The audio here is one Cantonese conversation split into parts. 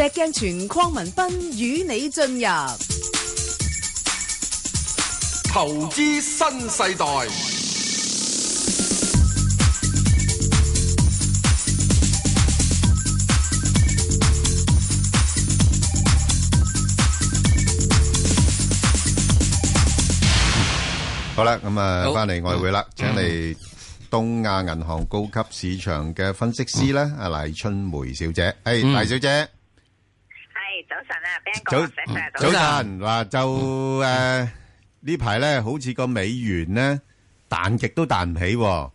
石鏡泉鄺文斌與你進入投資新世代。好啦，咁啊，翻嚟外匯啦，請嚟東亞銀行高級市場嘅分析師咧，阿賴春梅小姐，誒，賴小姐。早晨啊，Ben 哥，ingo，早，啊、早晨，啊、早晨。嗱、啊，就誒呢排咧，啊、好似個美元咧彈極都彈唔起、啊，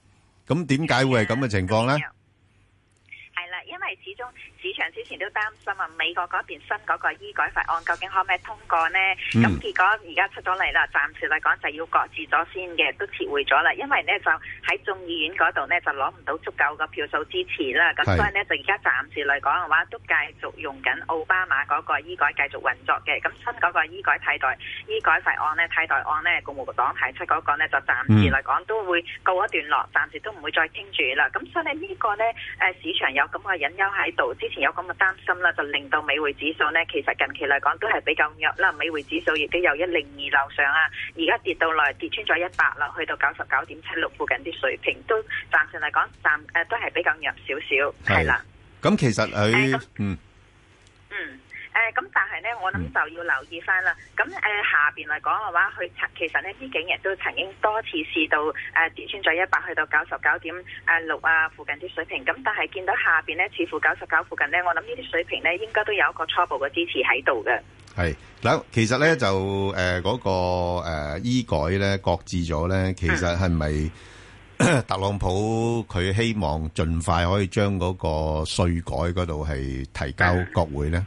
咁點解會係咁嘅情況咧？係啦，因為始終。市場之前都擔心啊，美國嗰邊新嗰個醫改法案究竟可唔可以通過呢？咁、嗯、結果而家出咗嚟啦，暫時嚟講就要擱置咗先嘅，都撤回咗啦。因為呢，就喺眾議院嗰度呢，就攞唔到足夠嘅票數支持啦。咁是所以呢，就而家暫時嚟講嘅話，都繼續用緊奧巴馬嗰個醫改繼續運作嘅。咁新嗰個醫改替代醫改法案呢，替代案呢，共和黨提出嗰個呢就暫時嚟講都會告一段落，暫時都唔會再傾住啦。咁所以呢個呢，誒、啊、市場有咁嘅隱憂喺度前有咁嘅擔心啦，就令到美匯指數呢，其實近期嚟講都係比較弱啦。美匯指數亦都由一零二樓上啊，而家跌到來跌穿咗一百啦，去到九十九點七六附近啲水平，都暫時嚟講暫誒都係比較弱少少。係啦，咁其實佢嗯嗯。誒，咁、嗯嗯、但係咧，我諗就要留意翻啦。咁誒、呃，下邊嚟講嘅話，佢其實呢，呢幾日都曾經多次試，試到誒、呃、跌穿咗一百去到九十九點誒六啊附近啲水平。咁但係見到下邊咧，似乎九十九附近咧，我諗呢啲水平咧，應該都有一個初步嘅支持喺度嘅。係嗱，其實咧就誒嗰、呃那個誒、呃、醫改咧，擱置咗咧，其實係咪、嗯、特朗普佢希望盡快可以將嗰個稅改嗰度係提交國會咧？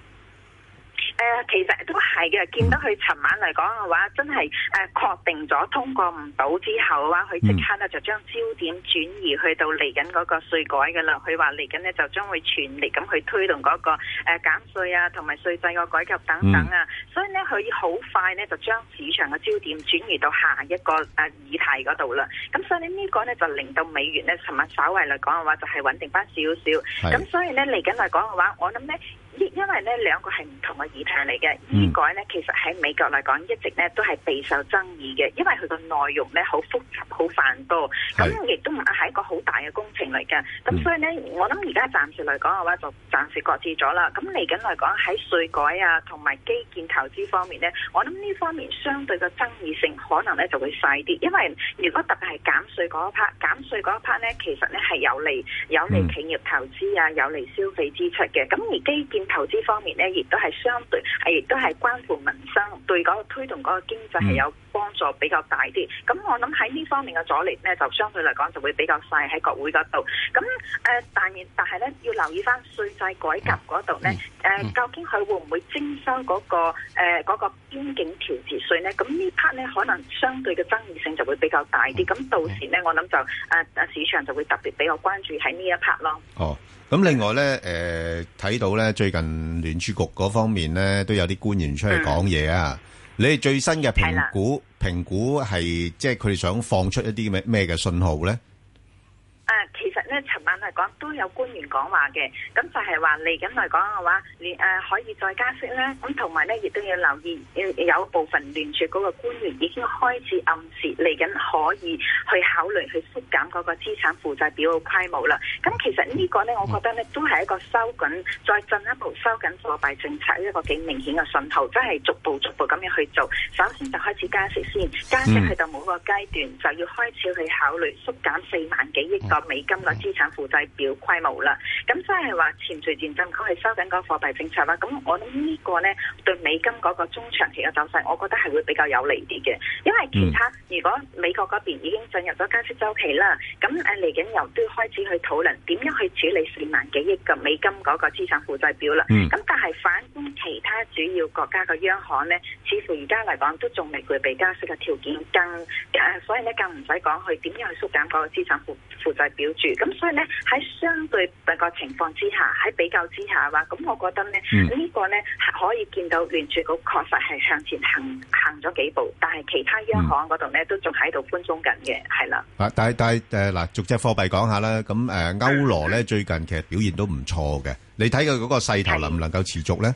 其實都係嘅，見到佢尋晚嚟講嘅話，真係誒、呃、確定咗通過唔到之後嘅話，佢即刻咧就將焦點轉移去到嚟緊嗰個稅改嘅啦。佢話嚟緊呢就將會全力咁去推動嗰、那個誒、呃、減稅啊，同埋稅制個改革等等啊。嗯、所以呢，佢好快呢就將市場嘅焦點轉移到下一個誒、啊、議題嗰度啦。咁所以呢呢呢個咧就令到美元呢尋晚稍微嚟講嘅話就係、是、穩定翻少少。咁的所以呢，嚟緊嚟講嘅話，我諗呢。因因為咧兩個係唔同嘅議題嚟嘅，醫、嗯、改咧其實喺美國嚟講一直咧都係備受爭議嘅，因為佢個內容咧好複雜，好繁多，咁亦是都係一個好大嘅工程嚟嘅，咁所以呢，我諗而家暫時嚟講嘅話就暫時擱置咗啦，咁嚟緊嚟講喺稅改啊同埋基建投資方面呢，我諗呢方面相對嘅爭議性可能咧就會細啲，因為如果特別係減稅嗰一 part，減稅嗰一 part 呢，其實咧係有利有利企業投資啊，有利消費支出嘅，咁而基建投資方面咧，亦都係相對係，亦都係關乎民生，對嗰個推動嗰個經濟係有幫助比較大啲。咁我諗喺呢方面嘅阻力咧，就相對嚟講就會比較細喺國會嗰度。咁誒、呃，但係但係咧，要留意翻稅制改革嗰度咧，誒、呃、究竟佢會唔會徵收嗰、那個誒嗰、呃那個、邊境調節稅咧？咁呢 part 咧，可能相對嘅爭議性就會比較大啲。咁到時咧，我諗就誒誒、啊、市場就會特別比較關注喺呢一 part 咯。哦。Oh. 咁另外咧，誒、呃、睇到咧，最近聯儲局方面咧都有啲官員出嚟講嘢啊！嗯、你哋最新嘅評估評估係即係佢哋想放出一啲咩咩嘅信號咧？誒、啊、其實咧。嚟講都有官員講話嘅，咁就係話嚟緊嚟講嘅話，連誒、啊、可以再加息啦。咁同埋咧亦都要留意，要、呃、有部分聯儲嗰個官員已經開始暗示嚟緊可以去考慮去縮減嗰個資產負債表嘅規模啦。咁其實個呢個咧，我覺得咧都係一個收緊，再進一步收緊貨幣政策一個幾明顯嘅信號，即、就、係、是、逐步逐步咁樣去做。首先就開始加息先，加息去到某個階段 rumors 就要開始去考慮縮減四萬幾億個美金嘅資產負負債表規模啦，咁即係話循序漸進咁係收緊嗰貨幣政策啦。咁我諗呢個呢，對美金嗰個中長期嘅走勢，我覺得係會比較有利啲嘅。因為其他如果美國嗰邊已經進入咗加息周期啦，咁誒嚟緊又都要開始去討論點樣去處理四萬幾億嘅美金嗰個資產負債表啦。咁但係反觀其他主要國家嘅央行呢，似乎而家嚟講都仲未具備加息嘅條件，更所以呢，更唔使講去點樣去縮減嗰個資產負債表住。咁所以呢。 喺相對個情況之下，喺比較之下話，咁我覺得呢，嗯、個呢個呢可以見到聯儲局確實係向前行，行咗幾步，但係其他央行嗰度呢，都仲喺度觀中緊嘅，係啦。嗱、啊，但係但係誒嗱，逐隻貨幣講下啦。咁誒、呃、歐羅呢，最近其實表現都唔錯嘅，你睇佢嗰個勢頭能唔能夠持續呢？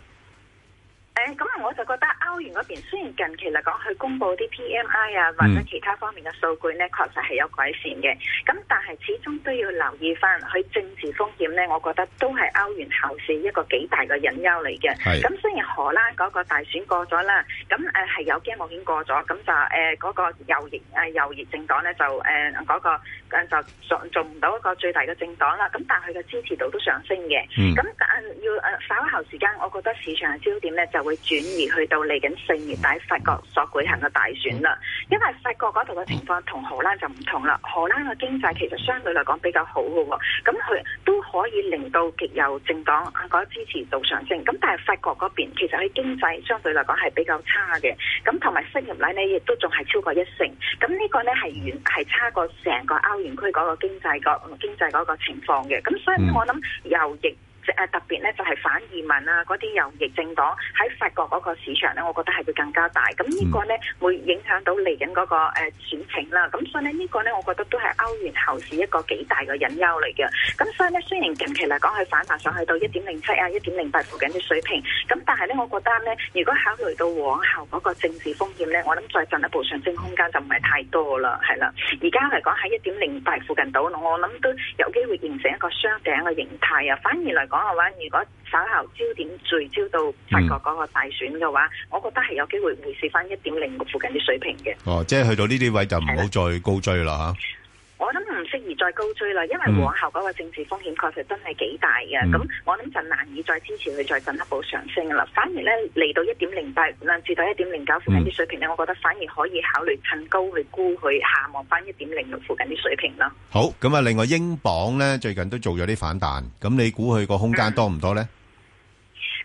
我就覺得歐元嗰邊雖然近期嚟講，佢公布啲 PMI 啊或者其他方面嘅數據咧，確實係有改善嘅。咁但係始終都要留意翻佢政治風險呢，我覺得都係歐元後市一個幾大嘅隱憂嚟嘅。咁是雖然荷蘭嗰個大選過咗啦，咁誒係有驚無險過咗，咁就誒嗰、呃那個右翼誒右翼政黨呢，就誒嗰、呃那個就做唔到一個最大嘅政黨啦。咁但係佢嘅支持度都上升嘅。咁但係要稍後時間，我覺得市場嘅焦點呢就會轉移。而去到嚟緊四月底法國所舉行嘅大選啦，因為法國嗰度嘅情況同荷蘭就唔同啦。荷蘭嘅經濟其實相對嚟講比較好嘅，咁佢都可以令到極右政黨啊嗰支持度上升。咁但係法國嗰邊其實佢經濟相對嚟講係比較差嘅，咁同埋失業率呢亦都仲係超過一成。咁、這、呢個呢係遠係差過成個歐元區嗰個經濟個經濟嗰個情況嘅。咁所以我諗右翼。誒特別咧，就係、是、反移民啊，嗰啲右翼政黨喺法國嗰個市場咧，我覺得係會更加大。咁呢個咧會影響到嚟緊嗰個誒、呃、選情啦。咁所以呢，這個、呢個咧，我覺得都係歐元後市一個幾大嘅隱憂嚟嘅。咁所以咧，雖然近期嚟講係反彈上去到一點零七啊、一點零八附近啲水平，咁但係咧，我覺得咧，如果考慮到往後嗰個政治風險咧，我諗再進一步上升空間就唔係太多啦，係啦。而家嚟講喺一點零八附近度，我諗都有機會形成一個雙頂嘅形態啊。反而嚟講，講嘅話，如果稍後焦點聚焦到法國嗰個大選嘅話，我覺得係有機會回試翻一點零附近啲水平嘅。哦，即係去到呢啲位就唔好再高追啦吓。我諗唔適宜再高追啦，因為往後嗰個政治風險確實真係幾大嘅。咁、嗯、我諗就難以再支持佢再進一步上升啦。反而咧嚟到一點零八啦，至到一點零九附近啲水平咧，嗯、我覺得反而可以考慮趁高去沽佢，下望翻一點零六附近啲水平啦。好，咁啊，另外英鎊咧最近都做咗啲反彈，咁你估佢個空間多唔多咧？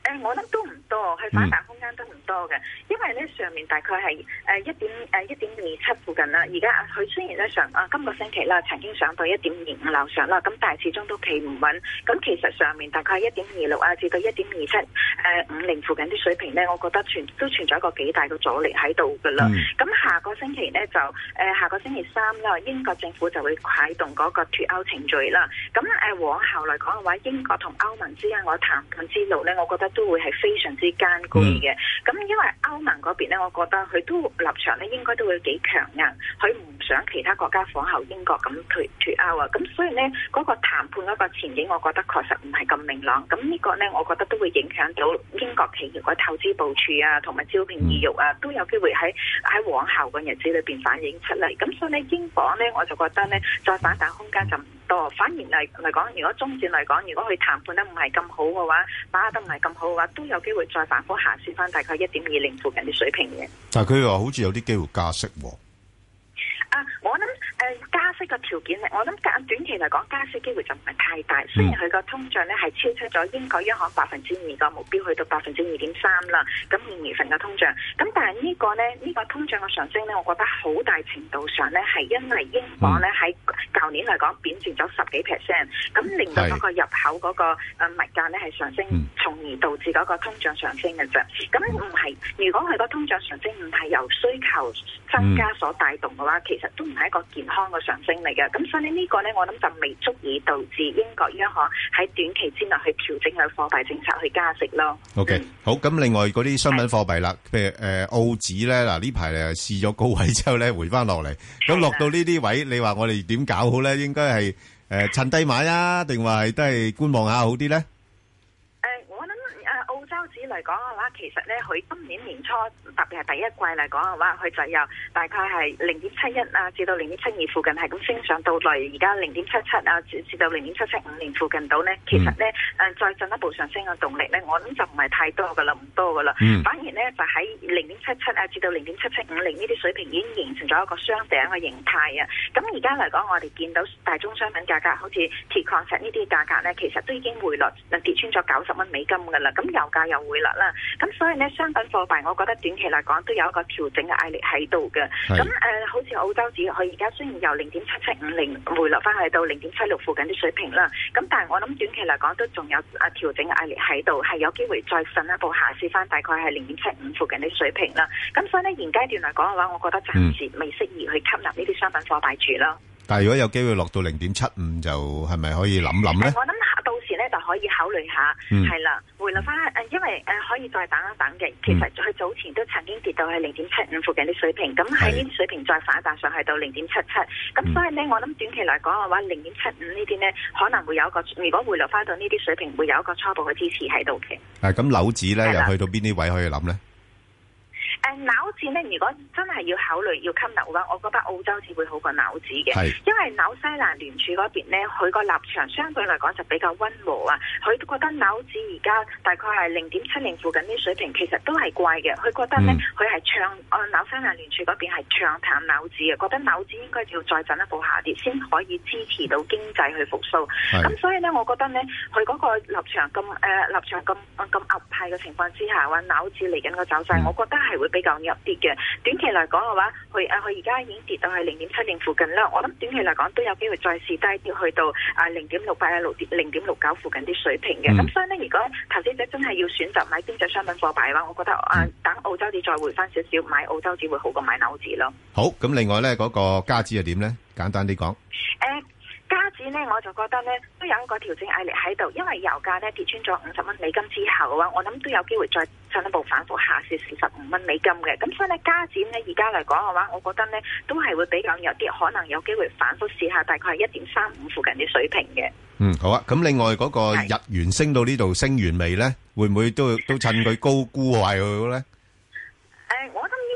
誒，我諗都唔多，係反彈。升唔多嘅，因為咧上面大概係誒一點誒一點二七附近啦。而家佢雖然咧上啊，今個星期啦曾經上到一點二五樓上啦，咁但係始終都企唔穩。咁其實上面大概一點二六啊，至到一點二七誒五零附近啲水平咧，我覺得存都存在一個幾大嘅阻力喺度噶啦。咁、嗯啊、下個星期咧就誒、啊、下個星期三啦，英國政府就會啟動嗰個脱歐程序啦。咁、啊、誒、啊、往後來講嘅話，英國同歐盟之間嘅談判之路咧，我覺得都會係非常之艱巨嘅。嗯咁因為歐盟嗰邊咧，我覺得佢都立場咧應該都會幾強硬，佢唔想其他國家仿效英國咁脫脫歐啊，咁所以咧嗰個談判嗰個前景，我覺得確實唔係咁明朗。咁呢個咧，我覺得都會影響到英國企業嘅投資部署啊，同埋招聘意欲啊，都有機會喺喺往後嘅日子裏邊反映出嚟。咁所以咧，英鎊咧，我就覺得咧，再反彈空間就～反而嚟嚟講，如果中線嚟講，如果佢談判得唔係咁好嘅話，把握得唔係咁好嘅話，都有機會再反覆行穿翻大概一點二零附近啲水平嘅。但係佢話好似有啲機會加息喎。啊，我諗。誒、呃，加息嘅條件咧，我諗緊短期嚟講，加息機會就唔係太大。雖然佢個通脹咧係超出咗英國央行百分之二個目標，去到百分之二點三啦。咁二月份嘅通脹，咁但係呢個咧，呢、這個通脹嘅上升咧，我覺得好大程度上咧係因為英鎊咧喺舊年嚟講貶值咗十幾 percent，咁令到嗰個入口嗰、那個誒物價咧係上升，從而導致嗰個通脹上升嘅啫。咁唔係，如果佢個通脹上升唔係由需求增加所帶動嘅話，其實都唔係一個健健康嘅上升嚟嘅，咁所以呢呢個咧，我諗就未足以導致英國央行喺短期之內去調整嘅貨幣政策去加息咯。O Okay . K，嗯、好，咁另外嗰啲商品貨幣啦，的譬如誒、呃、澳紙咧，嗱呢排試咗高位之後咧，回翻落嚟，咁落到呢啲位，的你話我哋點搞好咧？應該係誒趁低買啊，定話係都係觀望下好啲咧？嚟講嘅話，其實咧佢今年年初，特別係第一季嚟講嘅話，佢就由大概係零點七一啊，至到零點七二附近係咁升上到嚟，而家零點七七啊，至到零點七七五零附近度呢，其實咧誒再進一步上升嘅動力咧，我諗就唔係太多噶啦，唔多噶啦，嗯、反而咧就喺零點七七啊，至到零點七七五零呢啲水平已經形成咗一個雙頂嘅形態啊。咁而家嚟講，我哋見到大宗商品價格，好似鐵礦石呢啲價格咧，其實都已經回落，跌穿咗九十蚊美金噶啦。咁油價又回。回落啦，咁所以呢，商品貨幣我覺得短期嚟講都有一個調整嘅壓力喺度嘅。咁誒是、呃，好似澳洲紙，佢而家雖然由零點七七五零回落翻去到零點七六附近啲水平啦，咁但係我諗短期嚟講都仲有啊調整嘅壓力喺度，係有機會再進一步下試翻大概係零點七五附近啲水平啦。咁所以呢，現階段嚟講嘅話，我覺得暫時未適宜去吸納呢啲商品貨幣住咯。但係如果有機會落到零點七五，就係咪可以諗諗咧？就可以考慮下，係啦、嗯，回落翻，誒，因為誒可以再等一等嘅。其實佢早前都曾經跌到係零點七五附近啲水平，咁喺呢啲水平再反彈上去到零點七七。咁所以咧，我諗短期嚟講嘅話，零點七五呢啲咧，可能會有一個，如果回落翻到呢啲水平，會有一個初步嘅支持喺度嘅。誒、啊，咁樓指咧又去到邊啲位可以諗咧？誒紐紙咧，如果真係要考慮要吸納嘅話，我覺得澳洲紙會好過紐紙嘅，是因為紐西蘭聯儲嗰邊咧，佢個立場相對嚟講就比較溫和啊。佢覺得紐紙而家大概係零點七零附近啲水平，其實都係貴嘅。佢覺得呢，佢係唱按紐西蘭聯儲嗰邊係唱淡紐紙嘅，覺得紐紙應該要再進一步下跌先可以支持到經濟去復甦。咁是、嗯、所以呢，我覺得呢，佢嗰個立場咁誒、呃、立場咁咁鴿派嘅情況之下，話紐紙嚟緊個走勢，我覺得係會會比較弱啲嘅，短期嚟講嘅話，佢啊佢而家已經跌到係零點七零附近啦。我諗短期嚟講都有機會再試低啲去到啊零點六八一路跌零點六九附近啲水平嘅。咁、嗯、所以咧，如果投資者真係要選擇買邊隻商品貨幣嘅話，我覺得啊、嗯、等澳洲紙再回翻少少，買澳洲紙會好過買紐紙咯。好，咁另外咧嗰、個加紙又點咧？簡單啲講，誒。Uh, 加紙呢，我就覺得呢，都有一個調整壓力喺度，因為油價呢跌穿咗五十蚊美金之後嘅話，我諗都有機會再進一步反覆下試四十五蚊美金嘅。咁所以呢，加紙呢，而家嚟講嘅話，我覺得呢都係會比較有啲可能有機會反覆試下大概係一點三五附近嘅水平嘅。嗯，好啊。咁另外嗰個日元升到呢度升完未呢？會唔會都都趁佢高沽喎？係佢咧？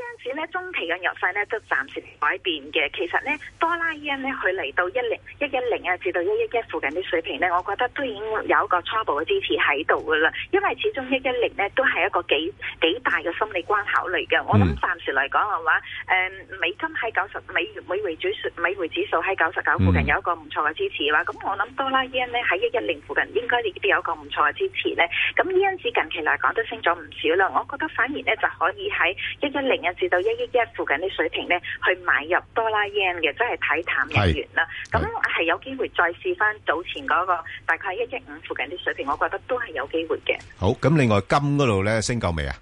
呢陣時咧，中期嘅弱勢咧都暫時唔改變嘅。其實咧，多拉 yen 咧，佢嚟到一零一一零啊，至到一一一附近啲水平咧，我覺得都已經有一個初步嘅支持喺度噶啦。因為始終一一零咧都係一個幾幾大嘅心理關口嚟嘅。我諗暫時嚟講嘅話，誒、嗯、美金喺九十美美匯指數美匯指數喺九十九附近有一個唔錯嘅支持啦。咁、嗯、我諗多拉 yen 咧喺一一零附近應該亦都有一個唔錯嘅支持咧。咁呢陣時近期嚟講都升咗唔少啦。我覺得反而咧就可以喺一一零至到一億一附近啲水平咧，去買入哆啦 y e 嘅，即係睇淡日元啦。咁係有機會再試翻早前嗰個大概一億五附近啲水平，我覺得都係有機會嘅。好，咁另外金嗰度咧升夠未啊？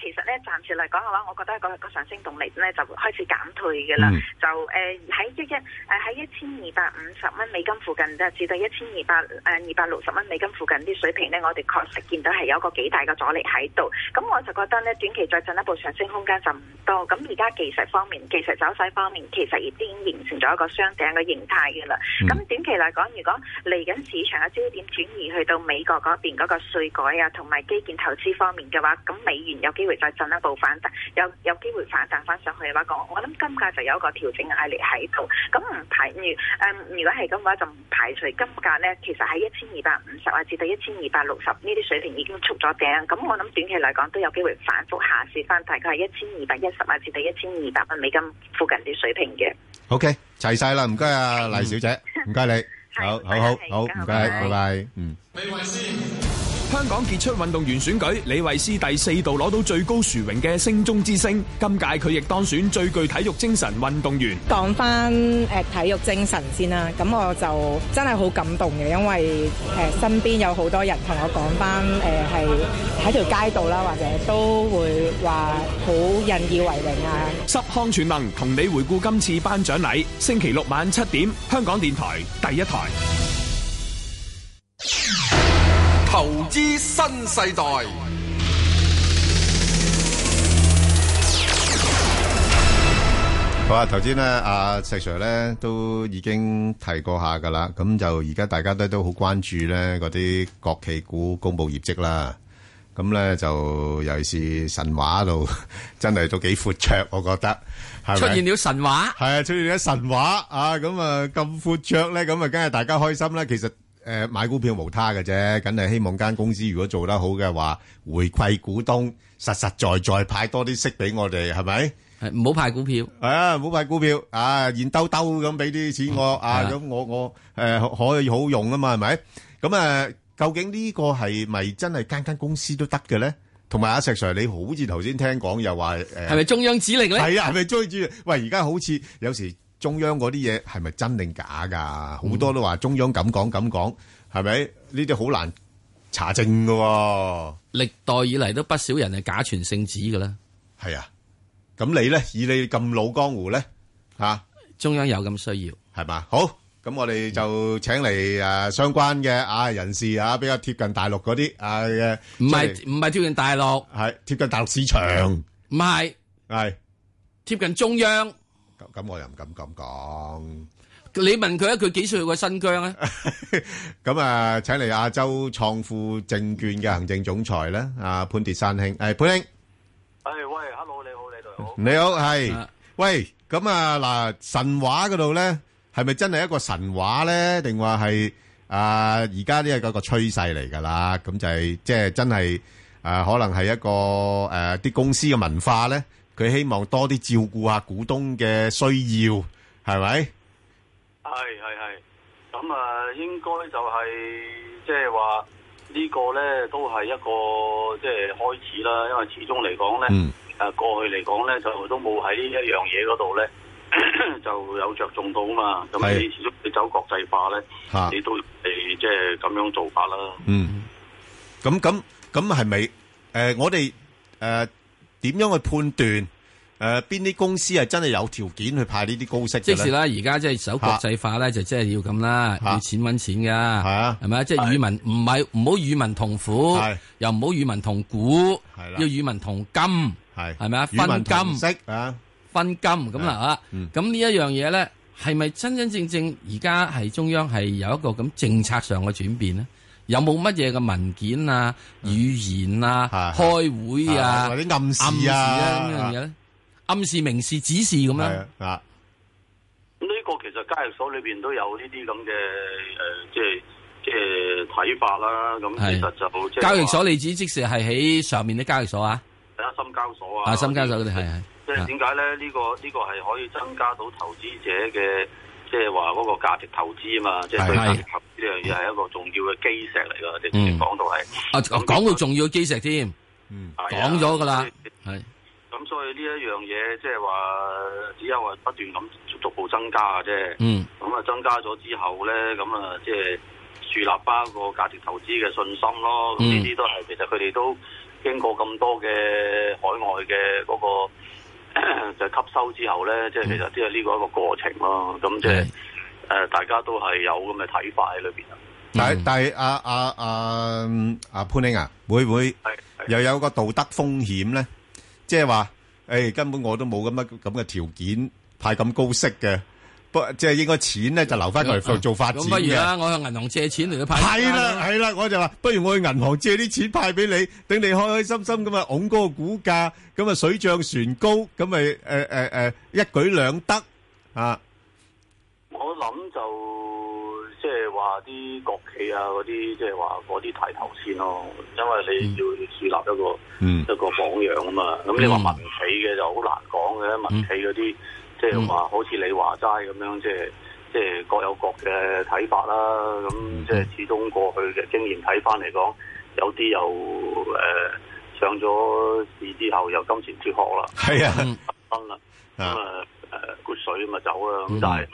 其實咧，暫時嚟講嘅話，我覺得嗰個上升動力咧就開始減退嘅啦。Mm. 就誒喺一一誒喺一千二百五十蚊美金附近，即係至到一千二百誒二百六十蚊美金附近啲水平咧，我哋確實見到係有一個幾大嘅阻力喺度。咁我就覺得咧，短期再進一步上升空間就唔多。咁而家技術方面、技術走勢方面，其實已經形成咗一個雙頂嘅形態嘅啦。咁、mm. 短期嚟講，如果嚟緊市場嘅焦點轉移去到美國嗰邊嗰個稅改啊，同埋基建投資方面嘅話，咁美元有機會再進一步反彈，但有有機會反彈翻上去嘅話講，我諗金價就有一個調整壓力喺度。咁唔排除，誒、呃，如果係咁嘅話，就唔排除金價咧，其實喺一千二百五十或者到一千二百六十呢啲水平已經觸咗頂。咁我諗短期嚟講都有機會反覆下試翻大，大概一千二百一十或者到一千二百蚊美金附近啲水平嘅。O K，齊晒啦，唔該啊賴小姐，唔該 你，好，好好，好，唔該 是，拜拜，嗯。香港傑出運動員選舉，李慧詩第四度攞到最高殊榮嘅星中之星，今屆佢亦當選最具體育精神運動員。講翻誒體育精神先啦，咁我就真係好感動嘅，因為誒、呃、身邊有好多人同我講翻誒係喺條街道啦，或者都會話好引以為榮啊。十項全能同你回顧今次頒獎禮，星期六晚七點，香港電台第一台。 投資新世代好啊！頭先咧，阿石 Sir 咧都已經提過下噶啦，咁就而家大家都都好關注咧嗰啲國企股公布業績啦。咁咧就尤其是神話度，真係都幾闊綽，我覺得。出現了神話。係啊，出現咗神話啊！咁啊，咁闊綽咧，咁啊，梗係大家開心啦。其實。誒，買股票無他嘅啫，梗係希望間公司如果做得好嘅話，回饋股東，實實在在派多啲息俾我哋，係咪？係唔好派股票？係啊，唔好派股票，啊現兜兜咁俾啲錢我，啊咁我我誒可以好用啊嘛，係咪？咁啊，究竟呢個係咪真係間間公司都得嘅咧？同埋阿石 Sir，你好似頭先聽講又話誒，係咪中央指令咧？係啊，係咪追住？喂，而家好似有時。中央嗰啲嘢係咪真定假噶？好多都話中央咁講咁講，係咪？呢啲好難查證噶。歷代以嚟都不少人係假傳聖旨噶啦。係啊，咁你咧？以你咁老江湖咧，吓中央有咁需要係嘛？好，咁我哋就請嚟誒相關嘅啊人士啊，比較貼近大陸嗰啲啊嘅。唔係唔係貼近大陸，係貼近大陸市場，唔係係貼近中央。咁我又唔敢咁講。你問佢啊，佢幾歲去過新疆咧？咁啊，請嚟亞洲創富證券嘅行政總裁咧，啊潘鐵珊兄，誒潘兄，誒喂，hello，你好，你哋好，你好，係，喂，咁啊嗱，神話嗰度咧，係咪真係一個神話咧？定話係啊，而家呢係嗰個趨勢嚟㗎啦？咁就係即係真係啊，可能係一個誒啲公司嘅文化咧。佢希望多啲照顧下股東嘅需要，係咪？係係係，咁啊，應該就係即係話呢個咧，都係一個即係開始啦。因為始終嚟講咧，啊過去嚟講咧，就都冇喺一樣嘢嗰度咧就有着重到啊嘛。咁你始終你走國際化咧，你都誒即係咁樣做法啦。嗯，咁咁咁係咪？誒，我哋誒。點樣去判斷誒，邊啲公司係真係有條件去派呢啲高息？即係啦，而家即係走國際化咧，就即係要咁啦，要錢揾錢噶係啊，係咪？啊，即係與民唔係唔好與民同苦，又唔好與民同股，要與民同金，係係咪啊？分金啊，分金咁啦啊，咁呢一樣嘢咧，係咪真真正正而家係中央係有一個咁政策上嘅轉變咧？有冇乜嘢嘅文件啊、語言啊、的開會啊，或者暗示啊呢樣嘢咧？暗示、明示、指示咁樣啊？咁呢個其實交易所裏邊都有呢啲咁嘅誒，即係即係睇法啦。咁其實就交易所例子，即時係喺上面啲交易所啊，啊深交所啊，深交所嗰啲係係。即係點解咧？呢個呢個係可以增加到投資者嘅。即係話嗰個價值投資啊嘛，即係價值投資呢樣嘢係一個重要嘅基石嚟噶，你你講到係，啊，講到重要嘅基石添，講咗噶啦，係，咁所以呢一樣嘢即係話只有係不斷咁逐步增加、嗯、啊，即係，咁啊增加咗之後咧，咁啊即係樹立返個價值投資嘅信心咯，呢啲、嗯、都係其實佢哋都經過咁多嘅海外嘅嗰、嗰個。嗰個嗰個 就係、吸收之後咧，即係其實只係呢個一個過程咯。咁即係誒，大家都係有咁嘅睇法喺裏邊啊。但係但係阿阿阿阿潘兄啊，會唔會的又有個道德風險咧？即係話誒，根本我都冇咁乜咁嘅條件派咁高息嘅。即係應該錢咧就留翻嚟，做做發展嘅。咁不如啊，我向銀行借錢嚟去派。係啦係啦，我就話不如我去銀行借啲錢派俾你，等你開開心心咁啊，拱嗰個股價，咁啊水漲船高，咁咪誒誒誒一舉兩得啊！我諗就即係話啲國企啊嗰啲，即係話嗰啲帶頭先咯，因為你要樹立一個一個榜樣啊嘛。咁你話民企嘅就好難講嘅，民企嗰啲。即係話，好似你話齋咁樣，即係即係各有各嘅睇法啦。咁即係始終過去嘅經驗睇翻嚟講，有啲又誒、呃、上咗市之後又金蟬脫殼啦，係、 嗯、啊，分啦咁啊誒潑水咁啊走啦。咁 但係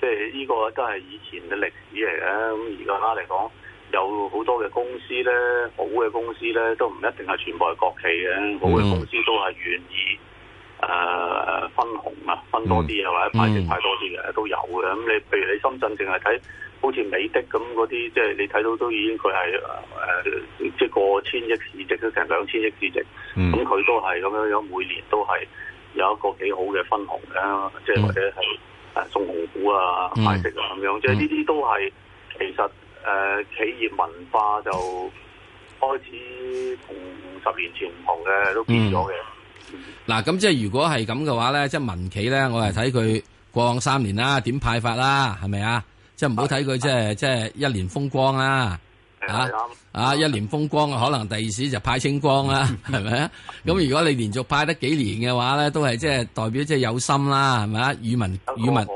即係呢個都係以前嘅歷史嚟嘅。咁而家嚟講，有好多嘅公司咧，好嘅公司咧，都唔一定係全部係國企嘅，好嘅公司都係願意。誒、uh, 分紅啊，分多啲啊，嗯、或者派息派多啲嘅、嗯、都有嘅。咁你譬如你深圳，淨係睇好似美的咁嗰啲，即係你睇到都已經佢係誒即係過千億市值，都成兩千億市值。咁佢、嗯、都係咁樣樣，每年都係有一個幾好嘅分紅，咧、啊，即係或者係誒、嗯、送紅股啊，派息啊咁、嗯、樣。即係呢啲都係其實誒、呃、企業文化就開始同十年前唔同嘅，都變咗嘅、嗯。嗱，咁即係如果係咁嘅話咧，即係民企咧，我係睇佢過往三年啦，點派法啦，係咪啊？即係唔好睇佢即係即係一年風光啦。啊啊，一年風光可能第二時就派清光啦，係咪啊？咁如果你連續派得幾年嘅話咧，都係即係代表即係有心啦，係咪啊？語文語文，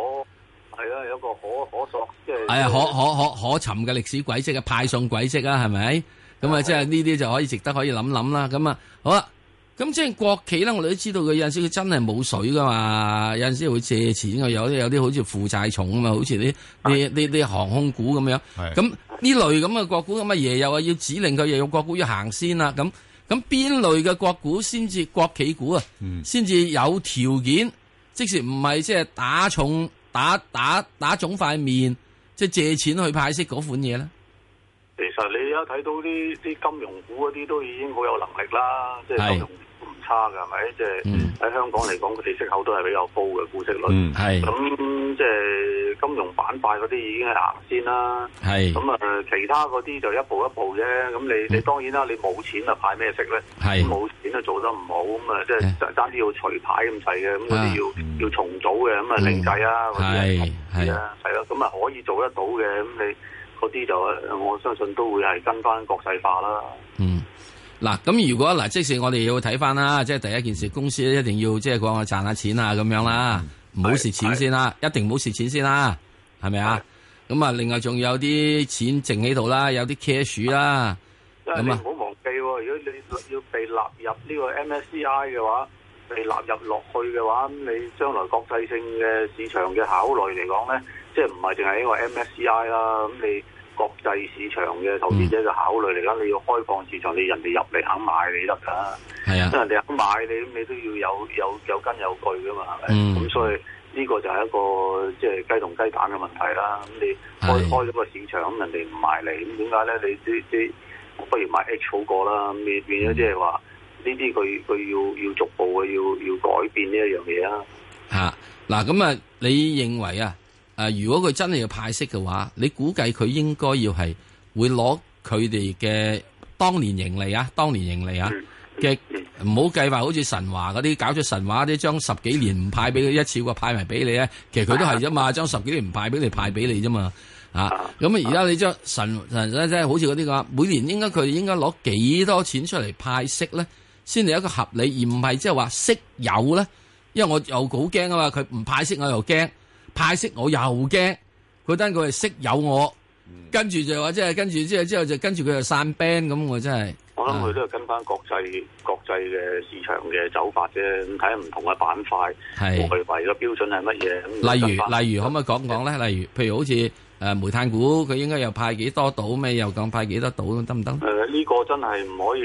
可係啊，有個可可索，即係係啊，可可可可尋嘅歷史軌跡嘅派送軌跡啊，係咪？咁啊，即係呢啲就可以值得可以諗諗啦。咁啊，好啊。咁即係國企咧，我哋都知道佢有陣時佢真係冇水噶嘛，有陣時會借錢，啊，有啲有啲好似負債重啊嘛，好似啲啲啲啲航空股咁樣。咁呢的類咁嘅國股咁啊，阿爺又話要指令佢，又要國股要行先啦。咁咁邊類嘅國股先至國企股啊？先至有條件，即使唔係即係打重打打打腫塊面，即係借錢去派息嗰款嘢咧。其實你而家睇到啲啲金融股嗰啲都已經好有能力啦，即係金融唔差㗎，係咪是？即係喺香港嚟講，佢哋息口都係比較高嘅股息率。係咁、嗯，即係、就是、金融板塊嗰啲已經係行先啦。係咁啊，其他嗰啲就一步一步啫。咁你、嗯、你當然啦，你冇錢啊，派咩息咧？係冇錢啊，做得唔好咁啊，即係爭啲要除牌咁滯嘅。咁嗰啲要、啊、要重組嘅，咁啊另計啊嗰啲，係啊，係咯，咁啊可以做得到嘅。咁你。嗰啲就我相信都會係跟翻國際化啦。嗯，嗱，咁如果嗱，即使我哋要睇翻啦，即係第一件事，公司一定要即係講下賺下錢啊，咁樣啦，唔好蝕錢先啦，是一定唔好蝕錢先啦，係咪啊？咁啊吧，另外仲有啲錢剩喺度啦，有啲 cash 啦。咁啊，唔好忘記喎，如果你要被納入呢個 MSCI 嘅話，被納入落去嘅話，你將來國際性嘅市場嘅考慮嚟講咧，即係唔係淨係呢個 MSCI 啦，咁你？國際市場嘅投資者嘅考慮嚟啦，嗯、你要開放市場，你人哋入嚟肯買你得噶。係啊，因為人哋肯買你，你都要有有有根有據噶嘛，係咪，嗯？咁所以呢，這個就係一個即係雞同雞蛋嘅問題啦。咁你開是開咗個市場，咁人哋唔買你，咁點解咧？你啲啲不如買 H 好過啦。咁變咗即係話呢啲佢佢要要，要逐步嘅要要改變呢一樣嘢啦。吓，嗱咁啊，你認為啊？誒，如果佢真係要派息嘅話，你估計佢應該要係會攞佢哋嘅當年盈利啊，當年盈利啊嘅，唔好計法好似神話嗰啲搞出神話嗰啲，將十幾年唔派俾佢一次過派埋俾你啊。其實佢都係啫嘛，將十幾年唔派俾你派俾你啫嘛。吓、啊，咁啊而家你將神神即係好似嗰啲㗎，每年應該佢應該攞幾多錢出嚟派息咧，先係一個合理，而唔係即係話息有咧。因為我又好驚啊嘛，佢唔派息我又驚。派息我又驚，佢擔心佢係息有我，跟住就話即係跟住之後之後就跟住佢就散 band 咁，我真係。我諗佢都係跟翻國際國際嘅市場嘅走法啫，咁睇下唔同嘅板塊，係唔具備個標準係乜嘢。例如例如可唔可以講講咧？例如譬如好似誒煤炭股，佢應該又派幾多度咩？又講派幾多度得唔得？誒呢個真係唔可以，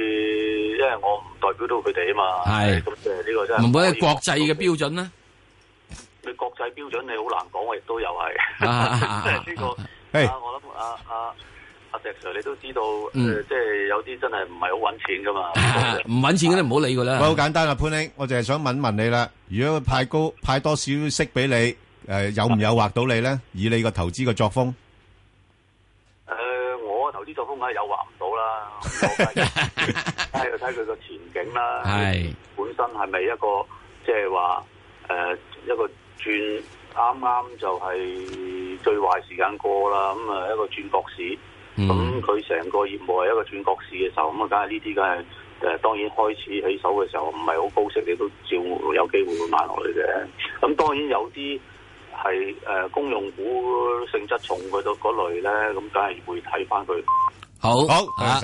因為我唔代表到佢哋啊嘛。係咁，即係呢個真係。唔冇啲國際嘅標準咧。你國際標準你好難講，我亦都又係。即係呢個，我諗阿阿阿石 Sir，你都知道，即係有啲真係唔係好搵錢㗎嘛。唔搵錢嗰啲唔好理佢啦。喂，好簡單啊，潘兄，我就係想問問你啦。如果佢派高派多少息俾你，誒有唔有誘惑到你咧？以你個投資嘅作風。誒，我投資作風梗係誘惑唔到啦。睇又睇佢個前景啦。係本身係咪一個即係話誒一個？轉啱啱就係最壞時間過啦，咁啊一個轉角市，咁佢成個業務係一個轉角市嘅時候，咁啊梗係呢啲梗係，誒當然，當然、呃、開始起手嘅時候唔係好高息，你都照有機會會買落嚟嘅。咁、嗯、當然有啲係誒公用股性質重嘅都嗰類咧，咁梗係會睇返佢。好，好啊。